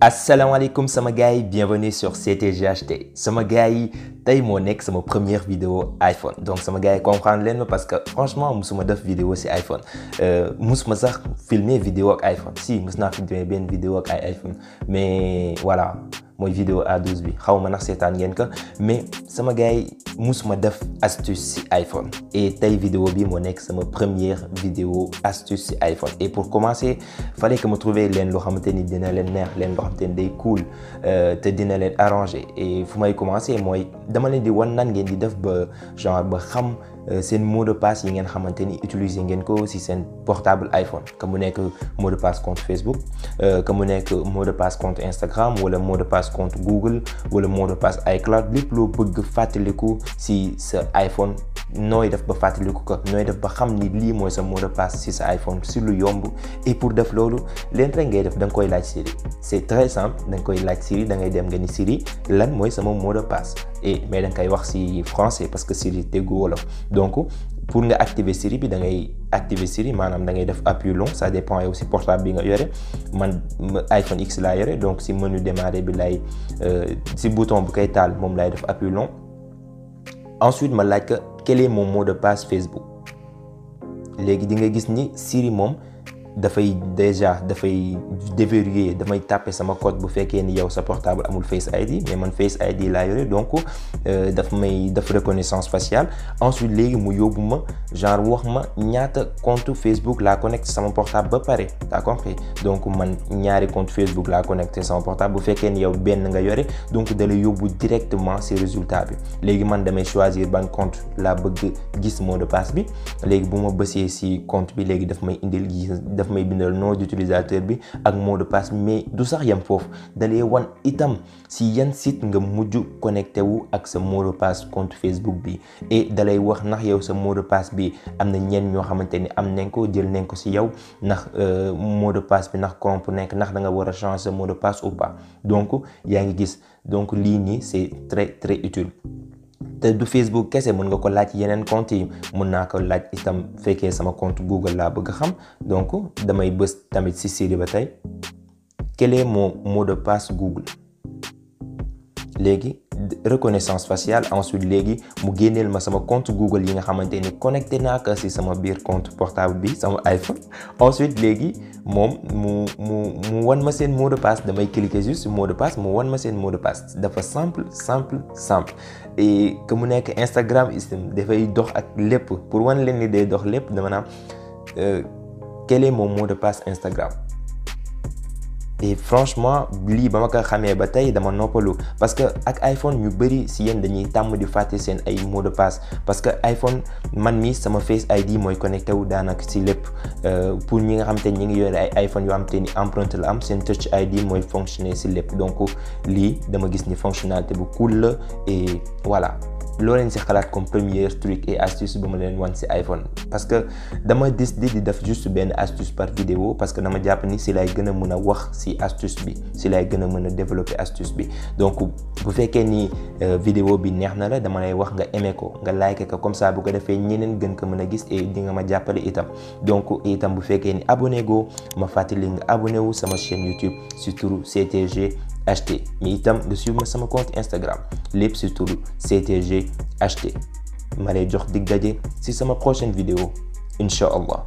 asalaamaaleykum sama gars yi bienvenue sur CTGHT sama gars yi tey moo nekk sama première vidéo iPhone donc sama gars yi comprendre leen ma parce que franchement musuma def vidéo si iPhone euh, musuma sax filmer vidéo ak iPhone si mus naa filmer benn vidéo ak ay iPhone mais voilà mooy vidéo A12 bi xaw ma nax seetaan ngeen ko mais sama gars yi musuma def astuce si iPhone et tey vidéo bi moo nekk sama première vidéo astuce si iPhone et pour commencer fallait que ma trouver leen loo xamante ni dina leen neex leen loo xamante ni day cool euh, te dina leen arranger et fu may commencer mooy dama leen di wan nan ngeen di def ba genre ba xam Euh, seen mot de passe yi ngeen xamante ni utiliser ngeen ko si seen portable iPhone que mu nekk mot de passe compte Facebook euh, que mu nekk mot de passe compte Instagram wala mot de passe compte Google wala mot de passe iCloud lépp loo bëgg fàttaliku si sa iPhone nooy def ba fàttaliku ko nooy def ba xam ni lii mooy sa mot de si sa iPhone si lu yomb et pour def loolu leen rek ngay def da nga koy laaj Siri c'est très simple da koy laaj si da ngay dem nga Siri lan mooy sama mot de passe mais da koy wax si français parce que Siri déggu wolof donc pour nga activer Siri bi da ngay activer maanaam da ngay def appui long ça dépend aussi portable bi nga yore man iPhone X laa yore donc si menu demare bi lay euh, si bouton bu koy taal moom lay def appui long ensuite ma laaj ko quel est mon de passe Facebook léegi di nga gis ni Siri moom dafay déjà dafay déverrouiller damay tàppe sama code bu fekkee ni yow sa portable amul Face ID mais man Face ID laa yore donc euh, daf may def reconnaissance faciale ensuite léegi mu yóbbu ma genre wax ma ñaata compte Facebook laa connecté sama portable ba pare t'as compris donc man ñaari compte Facebook laa connecté sama portable bu fekkee ni yow benn nga yore donc da lay yóbbu directement si résultat bi léegi man damay choisir ban compte laa bëgg gis mot de bi léegi bu ma bësee si compte bi léegi daf may indil gis daf may bindal nom utilisateur bi ak mot de passe mais du sax yam foofu dalee wan itam si yan site nga mujj connecté wu ak sa mot de passe compte Facebook bi et dalay wax ndax yow sa mot de passe bi am na ñenn ñoo xamante ni am nañ ko jël nañ ko si yow ndax euh, mot de passe bi ndax comp nekk ndax da nga war a changer sa mot de passe ou pas donc yaa ngi gis donc lii nii c'est très très utile te du Facebook kese mën nga ko laaj yeneen compte yi mën naa ko laaj itam fekkee sama compte Google laa bëgg xam donc damay bës tamit si Siri ba tey quel moo mon mot de passe Google léegi reconnaissance faciale ensuite léegi mu génneel ma sama compte Google yi nga xamante ni connecté naa ko si sama biir compte portable bi sama iPhone ensuite léegi moom mu mu mu wan ma seen mot de damay cliquer juste mot de passe mu wan ma seen mot de dafa simple simple simple et que mu nekk Instagram itam dafay dox ak lépp pour wan leen ni day dox lépp dama naan euh, quel est mon mot de passe Instagram et franchement lii ba ma ko xamee ba tey dama noppalu parce que ak iPhone ñu bëri si yéen dañuy tàmm di fàtte seen ay mot de passe parce que iPhone man mi sama Face ID mooy connecté wu daanaka si lépp euh, pour ñi nga xam te ñi ngi yore ay iPhone yoo xam te ni empreinte la am seen Touch ID mooy fonctionner si lépp donc lii dama gis ni fonctionnalité bu cool la voilà. loo si xalaat comme première truc et astuce bu ma leen wan si iPhone parce que dama décidé di def juste benn astuce par vidéo parce que dama jàpp ni si lay gën a mën a wax si astuce bi si lay gën a mën a développer astuce bi donc bu fekkee ni euh, vidéo bi neex na la dama wax nga aimé ko nga like ko comme ça bu ko defee ñeneen gën ko mën a gis et nga ma jàppale itam donc itam bu fekkee ni abonné go ma fàttali nga abonné wu sama chaîne YouTube si turu ht mais itam nga suivre sama compte Instagram lépp si turu ctg ht ma lay jox dig daje si sama prochaine vidéo incha allah